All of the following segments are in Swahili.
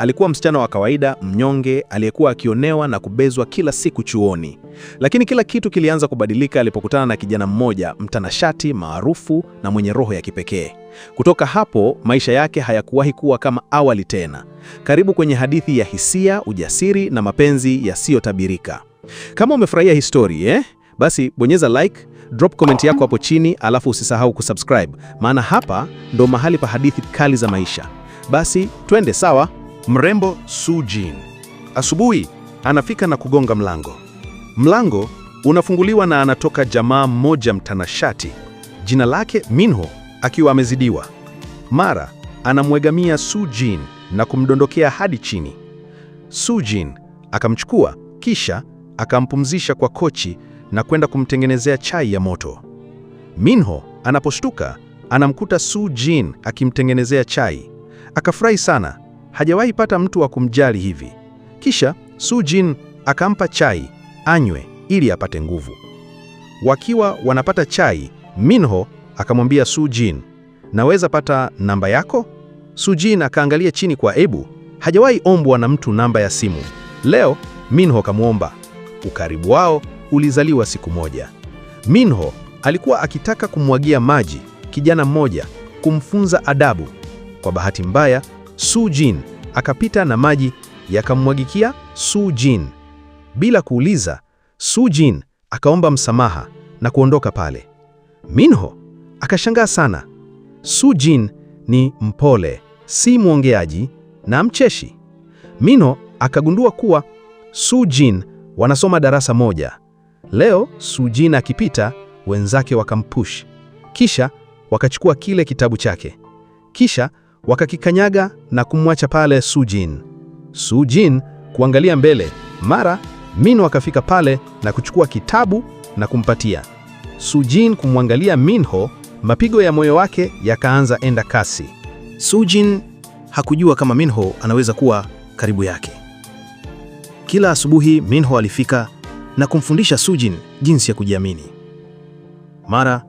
Alikuwa msichana wa kawaida mnyonge, aliyekuwa akionewa na kubezwa kila siku chuoni, lakini kila kitu kilianza kubadilika alipokutana na kijana mmoja mtanashati, maarufu na mwenye roho ya kipekee. Kutoka hapo maisha yake hayakuwahi kuwa kama awali tena. Karibu kwenye hadithi ya hisia, ujasiri na mapenzi yasiyotabirika. Kama umefurahia histori eh? Basi bonyeza like, drop comment yako hapo chini, alafu usisahau kusubscribe, maana hapa ndo mahali pa hadithi kali za maisha. Basi twende, sawa? Mrembo Sujin asubuhi anafika na kugonga mlango. Mlango unafunguliwa na anatoka jamaa mmoja mtanashati, jina lake Minho, akiwa amezidiwa. Mara anamwegamia Sujin na kumdondokea hadi chini. su jin akamchukua kisha akampumzisha kwa kochi na kwenda kumtengenezea chai ya moto. Minho anaposhtuka anamkuta su Jin akimtengenezea chai, akafurahi sana Hajawahi pata mtu wa kumjali hivi. Kisha Sujin akampa chai anywe ili apate nguvu. Wakiwa wanapata chai, Minho akamwambia Sujin, naweza pata namba yako? Sujin akaangalia chini kwa aibu. Hajawahi ombwa na mtu namba ya simu. Leo Minho kamwomba. Ukaribu wao ulizaliwa siku moja. Minho alikuwa akitaka kumwagia maji kijana mmoja, kumfunza adabu. Kwa bahati mbaya Su Jin akapita na maji yakamwagikia Su Jin. Bila kuuliza, Su Jin akaomba msamaha na kuondoka pale. Minho akashangaa sana. Su Jin ni mpole, si mwongeaji na mcheshi. Minho akagundua kuwa Su Jin wanasoma darasa moja. Leo Su Jin akipita, wenzake wakampush, kisha wakachukua kile kitabu chake, kisha wakakikanyaga na kumwacha pale Sujin. Sujin kuangalia mbele, mara minho akafika pale na kuchukua kitabu na kumpatia Sujin. Kumwangalia Minho, mapigo ya moyo wake yakaanza enda kasi. Sujin hakujua kama Minho anaweza kuwa karibu yake. Kila asubuhi Minho alifika na kumfundisha Sujin jinsi ya kujiamini. Mara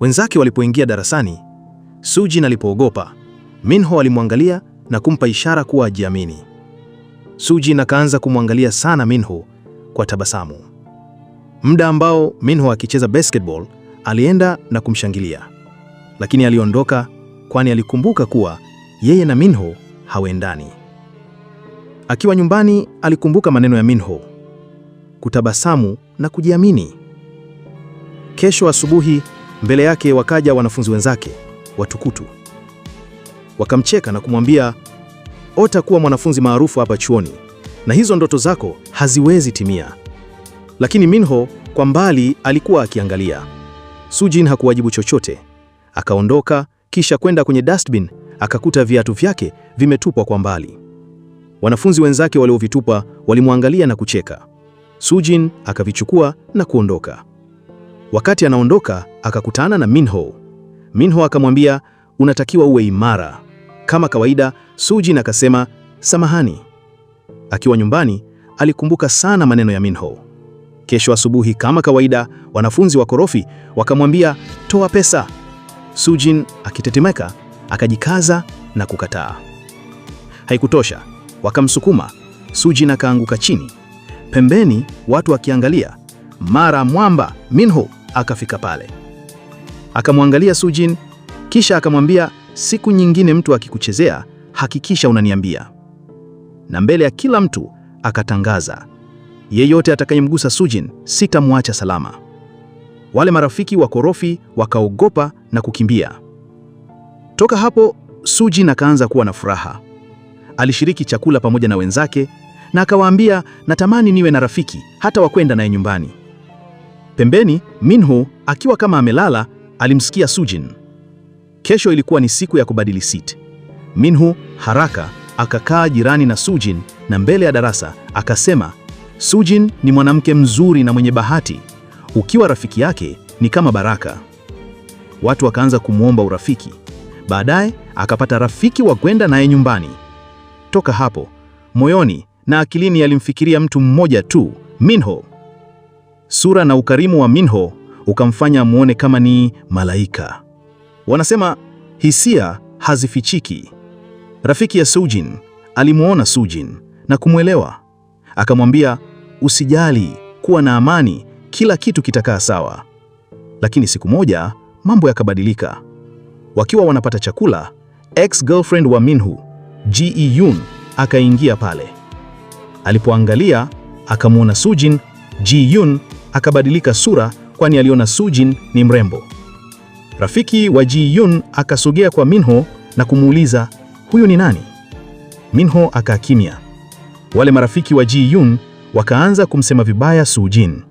wenzake walipoingia darasani, Sujin alipoogopa Minho alimwangalia na kumpa ishara kuwa ajiamini. Sujin akaanza kumwangalia sana Minho kwa tabasamu. Muda ambao Minho akicheza basketball, alienda na kumshangilia, lakini aliondoka, kwani alikumbuka kuwa yeye na Minho hawaendani. Akiwa nyumbani, alikumbuka maneno ya Minho, kutabasamu na kujiamini. Kesho asubuhi, mbele yake wakaja wanafunzi wenzake watukutu. Wakamcheka na kumwambia kuwa mwanafunzi maarufu hapa chuoni na hizo ndoto zako haziwezi timia. Lakini Minho kwa mbali alikuwa akiangalia. Sujin hakuwajibu chochote, akaondoka kisha kwenda kwenye dustbin, akakuta viatu vyake vimetupwa kwa mbali. Wanafunzi wenzake waliovitupa walimwangalia na kucheka. Sujin akavichukua na kuondoka. Wakati anaondoka, akakutana na Minho. Minho akamwambia unatakiwa uwe imara. Kama kawaida, Sujin akasema samahani. Akiwa nyumbani, alikumbuka sana maneno ya Minho. Kesho asubuhi, kama kawaida, wanafunzi wa korofi wakamwambia toa pesa. Sujin akitetemeka akajikaza na kukataa. Haikutosha, wakamsukuma. Sujin akaanguka chini, pembeni watu wakiangalia. Mara mwamba Minho akafika pale, akamwangalia Sujin kisha akamwambia, siku nyingine mtu akikuchezea hakikisha unaniambia. Na mbele ya kila mtu akatangaza, yeyote atakayemgusa Sujin sitamwacha salama. Wale marafiki wakorofi wakaogopa na kukimbia. Toka hapo Sujin akaanza kuwa na furaha. Alishiriki chakula pamoja na wenzake na akawaambia, natamani niwe na rafiki hata wakwenda naye nyumbani. Pembeni, Minho akiwa kama amelala, alimsikia Sujin. Kesho ilikuwa ni siku ya kubadili siti. minhu haraka akakaa jirani na Sujin na mbele ya darasa akasema, Sujin ni mwanamke mzuri na mwenye bahati. Ukiwa rafiki yake ni kama baraka. Watu wakaanza kumwomba urafiki. Baadaye akapata rafiki wa kwenda naye nyumbani. Toka hapo moyoni na akilini alimfikiria mtu mmoja tu, Minho. Sura na ukarimu wa Minho ukamfanya amwone kama ni malaika. Wanasema hisia hazifichiki. Rafiki ya Sujin alimwona Sujin na kumwelewa, akamwambia usijali, kuwa na amani, kila kitu kitakaa sawa. Lakini siku moja mambo yakabadilika. Wakiwa wanapata chakula, ex-girlfriend wa Minhu Ge Yun akaingia pale. Alipoangalia akamwona Sujin, Ji Yun akabadilika sura, kwani aliona Sujin ni mrembo. Rafiki wa Ji Yun akasogea kwa Minho na kumuuliza huyu ni nani? Minho akakimya Wale marafiki wa Ji Yun wakaanza kumsema vibaya Sujin.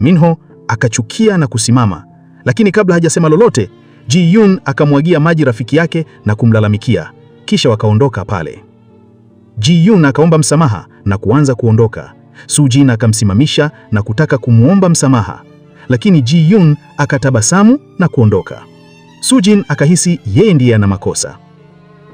Minho akachukia na kusimama, lakini kabla hajasema lolote, Ji Yun akamwagia maji rafiki yake na kumlalamikia, kisha wakaondoka pale. Ji Yun akaomba msamaha na kuanza kuondoka. Sujin akamsimamisha na kutaka kumwomba msamaha, lakini Ji Yun akatabasamu na kuondoka. Sujin akahisi yeye ndiye ana makosa.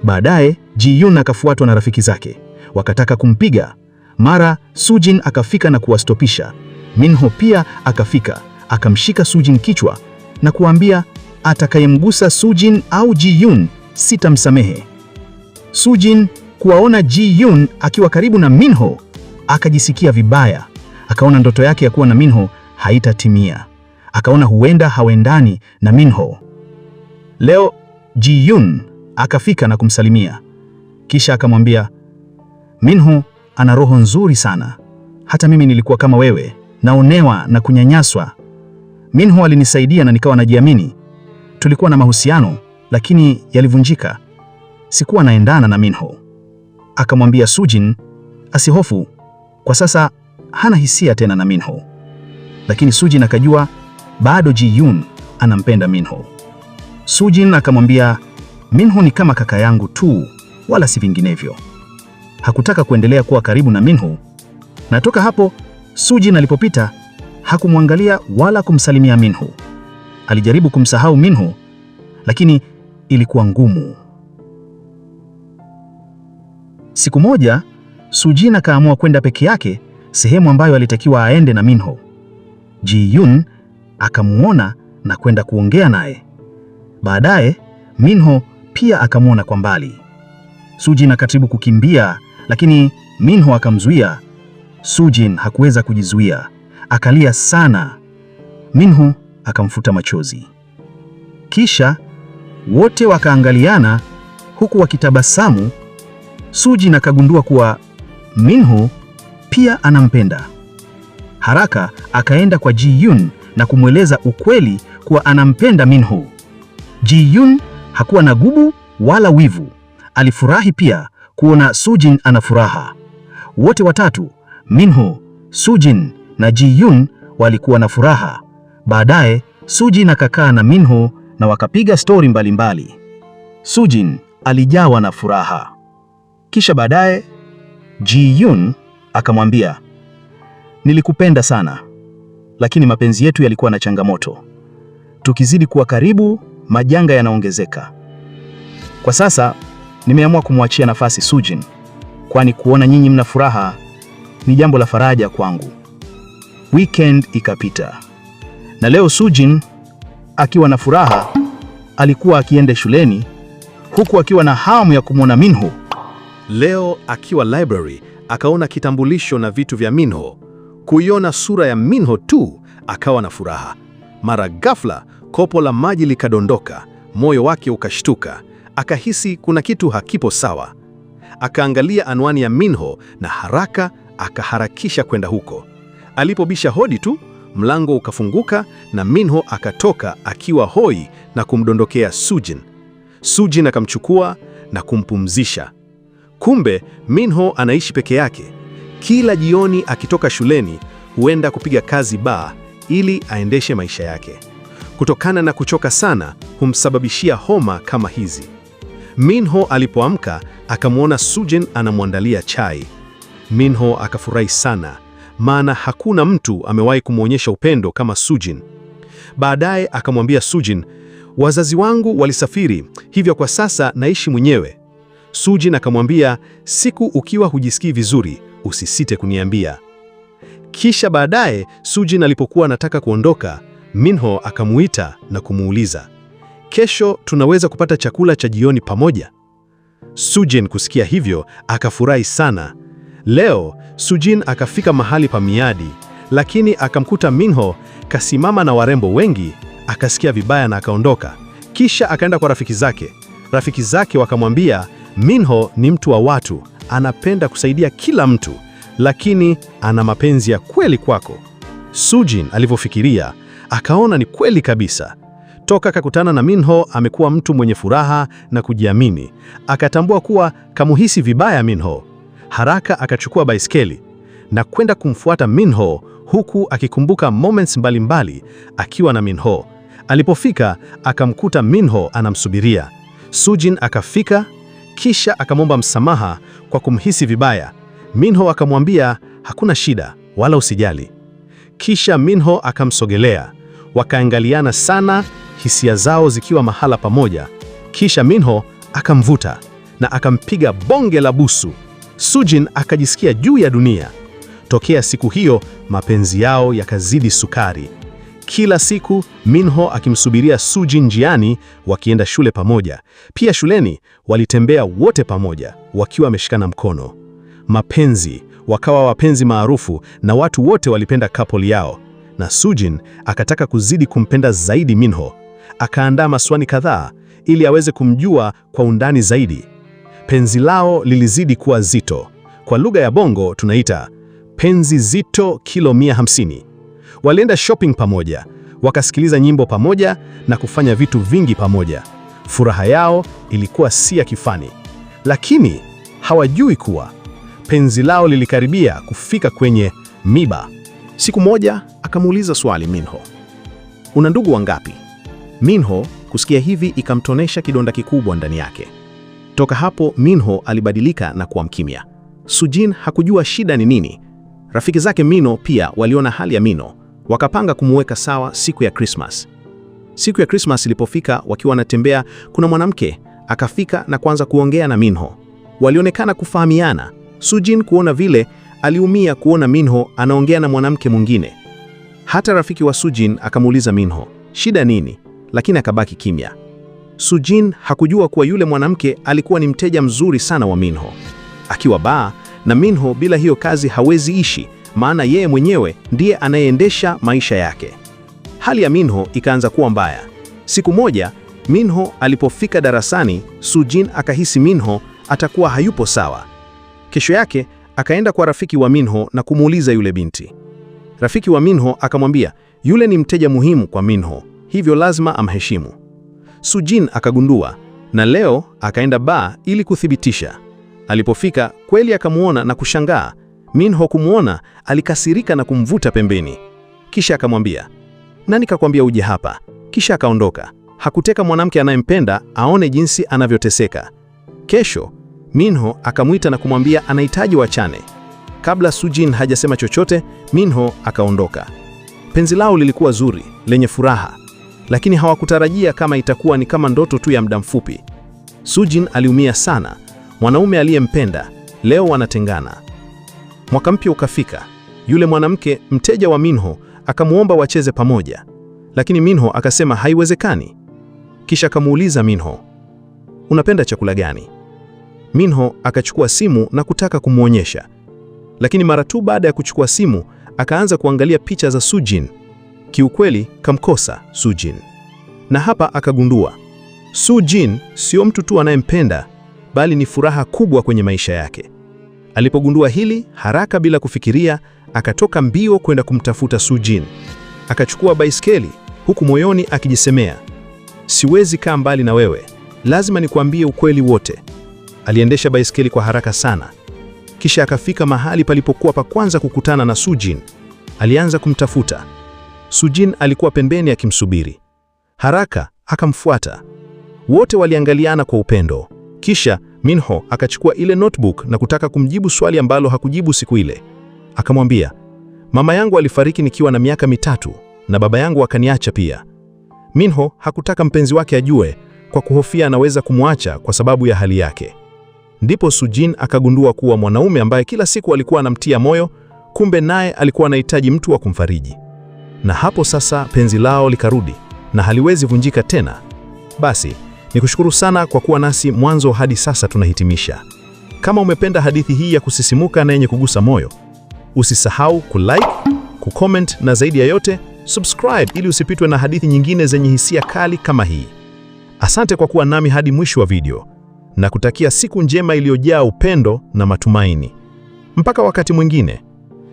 Baadaye Ji Yun akafuatwa na rafiki zake, wakataka kumpiga. Mara Sujin akafika na kuwastopisha. Minho pia akafika, akamshika Sujin kichwa na kuambia atakayemgusa Sujin au Ji Yun sitamsamehe. Sujin kuwaona Ji Yun akiwa karibu na Minho akajisikia vibaya, akaona ndoto yake ya kuwa na Minho haitatimia. Akaona huenda hawendani na Minho. Leo Jiyun akafika na kumsalimia, kisha akamwambia, Minho ana roho nzuri sana, hata mimi nilikuwa kama wewe, naonewa na kunyanyaswa. Minho alinisaidia na nikawa najiamini. Tulikuwa na mahusiano lakini yalivunjika, sikuwa naendana na Minho. Akamwambia Sujin asihofu, kwa sasa hana hisia tena na Minho lakini Sujin akajua bado Ji-yoon anampenda Minho. Sujin akamwambia Minho ni kama kaka yangu tu, wala si vinginevyo. Hakutaka kuendelea kuwa karibu na Minho, na toka hapo Sujin alipopita hakumwangalia wala kumsalimia Minho. Alijaribu kumsahau Minho, lakini ilikuwa ngumu. Siku moja Sujin akaamua kwenda peke yake sehemu ambayo alitakiwa aende na Minho ji Yun akamwona na kwenda kuongea naye. Baadaye Minho pia akamwona kwa mbali. Sujin akatibu kukimbia, lakini Minho akamzuia. Sujin hakuweza kujizuia, akalia sana. Minho akamfuta machozi, kisha wote wakaangaliana huku wakitabasamu. Sujin akagundua kuwa Minho pia anampenda. Haraka akaenda kwa ji Yun na kumweleza ukweli kuwa anampenda Minho. ji Yun hakuwa na gubu wala wivu, alifurahi pia kuona Sujin ana furaha. Wote watatu Minho, Sujin na ji Yun walikuwa na furaha. Baadaye Sujin akakaa na Minho na wakapiga stori mbalimbali. Sujin alijawa na furaha, kisha baadaye ji Yun akamwambia Nilikupenda sana, lakini mapenzi yetu yalikuwa na changamoto. Tukizidi kuwa karibu, majanga yanaongezeka. Kwa sasa nimeamua kumwachia nafasi Sujin, kwani kuona nyinyi mna furaha ni jambo la faraja kwangu. Weekend ikapita na leo Sujin akiwa na furaha alikuwa akienda shuleni huku akiwa na hamu ya kumwona Minho. Leo akiwa library akaona kitambulisho na vitu vya Minho. Kuiona sura ya Minho tu akawa na furaha. Mara ghafla kopo la maji likadondoka, moyo wake ukashtuka, akahisi kuna kitu hakipo sawa. Akaangalia anwani ya Minho na haraka akaharakisha kwenda huko. Alipobisha hodi tu, mlango ukafunguka na Minho akatoka akiwa hoi na kumdondokea Sujin. Sujin akamchukua na kumpumzisha. Kumbe Minho anaishi peke yake kila jioni akitoka shuleni huenda kupiga kazi baa ili aendeshe maisha yake. Kutokana na kuchoka sana, humsababishia homa kama hizi. Minho alipoamka akamwona Sujen anamwandalia chai. Minho akafurahi sana, maana hakuna mtu amewahi kumwonyesha upendo kama Sujin. Baadaye akamwambia Sujin, wazazi wangu walisafiri, hivyo kwa sasa naishi mwenyewe. Sujin akamwambia, siku ukiwa hujisikii vizuri, usisite kuniambia. Kisha baadaye Sujin alipokuwa anataka kuondoka, Minho akamuita na kumuuliza, kesho tunaweza kupata chakula cha jioni pamoja? Sujin kusikia hivyo akafurahi sana. Leo Sujin akafika mahali pa miadi, lakini akamkuta Minho kasimama na warembo wengi, akasikia vibaya na akaondoka. Kisha akaenda kwa rafiki zake. Rafiki zake wakamwambia Minho ni mtu wa watu, anapenda kusaidia kila mtu, lakini ana mapenzi ya kweli kwako. Sujin alivyofikiria akaona ni kweli kabisa. Toka akakutana na Minho amekuwa mtu mwenye furaha na kujiamini. Akatambua kuwa kamuhisi vibaya Minho. Haraka akachukua baiskeli na kwenda kumfuata Minho huku akikumbuka moments mbalimbali akiwa na Minho. Alipofika akamkuta Minho anamsubiria. Sujin akafika kisha akamwomba msamaha kwa kumhisi vibaya. Minho akamwambia hakuna shida, wala usijali. Kisha Minho akamsogelea, wakaangaliana sana, hisia zao zikiwa mahala pamoja. Kisha Minho akamvuta na akampiga bonge la busu. Sujin akajisikia juu ya dunia. Tokea siku hiyo mapenzi yao yakazidi sukari. Kila siku Minho akimsubiria Suji njiani wakienda shule pamoja. Pia shuleni walitembea wote pamoja wakiwa wameshikana mkono. Mapenzi, wakawa wapenzi maarufu na watu wote walipenda couple yao. Na Sujin akataka kuzidi kumpenda zaidi Minho. Akaandaa maswani kadhaa ili aweze kumjua kwa undani zaidi. Penzi lao lilizidi kuwa zito. Kwa lugha ya Bongo tunaita penzi zito kilo mia hamsini. Walienda shopping pamoja, wakasikiliza nyimbo pamoja na kufanya vitu vingi pamoja. Furaha yao ilikuwa si ya kifani, lakini hawajui kuwa penzi lao lilikaribia kufika kwenye miba. Siku moja akamuuliza swali Minho, una ndugu wangapi? Minho kusikia hivi ikamtonesha kidonda kikubwa ndani yake. Toka hapo Minho alibadilika na kuwa mkimya. Sujin hakujua shida ni nini. Rafiki zake Mino pia waliona hali ya Mino Wakapanga kumuweka sawa siku ya Krismas. Siku ya Krismas ilipofika, wakiwa wanatembea, kuna mwanamke akafika na kuanza kuongea na Minho. Walionekana kufahamiana. Sujin kuona vile aliumia kuona Minho anaongea na mwanamke mwingine. Hata rafiki wa Sujin akamuuliza Minho, shida nini? Lakini akabaki kimya. Sujin hakujua kuwa yule mwanamke alikuwa ni mteja mzuri sana wa Minho. Akiwa baa na Minho bila hiyo kazi hawezi ishi, maana yeye mwenyewe ndiye anayeendesha maisha yake. Hali ya Minho ikaanza kuwa mbaya. Siku moja Minho alipofika darasani, Sujin akahisi Minho atakuwa hayupo sawa. Kesho yake akaenda kwa rafiki wa Minho na kumuuliza yule binti. Rafiki wa Minho akamwambia yule ni mteja muhimu kwa Minho, hivyo lazima amheshimu. Sujin akagundua na leo akaenda ba ili kuthibitisha. Alipofika kweli akamwona na kushangaa minho kumwona alikasirika na kumvuta pembeni, kisha akamwambia, nani kakwambia uje hapa? Kisha akaondoka. Hakuteka mwanamke anayempenda aone jinsi anavyoteseka. Kesho Minho akamwita na kumwambia anahitaji wachane. Kabla Sujin hajasema chochote, Minho akaondoka. Penzi lao lilikuwa zuri, lenye furaha, lakini hawakutarajia kama itakuwa ni kama ndoto tu ya muda mfupi. Sujin aliumia sana, mwanaume aliyempenda, leo wanatengana. Mwaka mpya ukafika, yule mwanamke mteja wa Minho akamwomba wacheze pamoja, lakini Minho akasema haiwezekani. Kisha akamuuliza Minho, unapenda chakula gani? Minho akachukua simu na kutaka kumwonyesha, lakini mara tu baada ya kuchukua simu akaanza kuangalia picha za Sujin. Kiukweli kamkosa Sujin, na hapa akagundua Sujin sio mtu tu anayempenda, bali ni furaha kubwa kwenye maisha yake. Alipogundua hili, haraka bila kufikiria, akatoka mbio kwenda kumtafuta Sujin. Akachukua baiskeli huku moyoni akijisemea, siwezi kaa mbali na wewe, lazima nikuambie ukweli wote. Aliendesha baiskeli kwa haraka sana, kisha akafika mahali palipokuwa pa kwanza kukutana na Sujin. Alianza kumtafuta. Sujin alikuwa pembeni akimsubiri. Haraka akamfuata. Wote waliangaliana kwa upendo, kisha Minho akachukua ile notebook na kutaka kumjibu swali ambalo hakujibu siku ile. Akamwambia, mama yangu alifariki nikiwa na miaka mitatu na baba yangu akaniacha pia. Minho hakutaka mpenzi wake ajue kwa kuhofia anaweza kumwacha kwa sababu ya hali yake. Ndipo Sujin akagundua kuwa mwanaume ambaye kila siku alikuwa anamtia moyo, kumbe naye alikuwa anahitaji mtu wa kumfariji. Na hapo sasa penzi lao likarudi na haliwezi vunjika tena. Basi Nikushukuru sana kwa kuwa nasi mwanzo hadi sasa tunahitimisha. Kama umependa hadithi hii ya kusisimuka na yenye kugusa moyo, usisahau kulike, kucomment na zaidi ya yote subscribe ili usipitwe na hadithi nyingine zenye hisia kali kama hii. Asante kwa kuwa nami hadi mwisho wa video na kutakia siku njema iliyojaa upendo na matumaini. Mpaka wakati mwingine,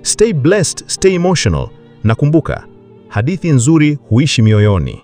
stay blessed, stay emotional, na kumbuka hadithi nzuri huishi mioyoni.